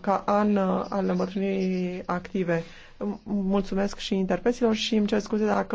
ca an al îmbătrânirii active. Mulțumesc și interpreților și îmi cer scuze dacă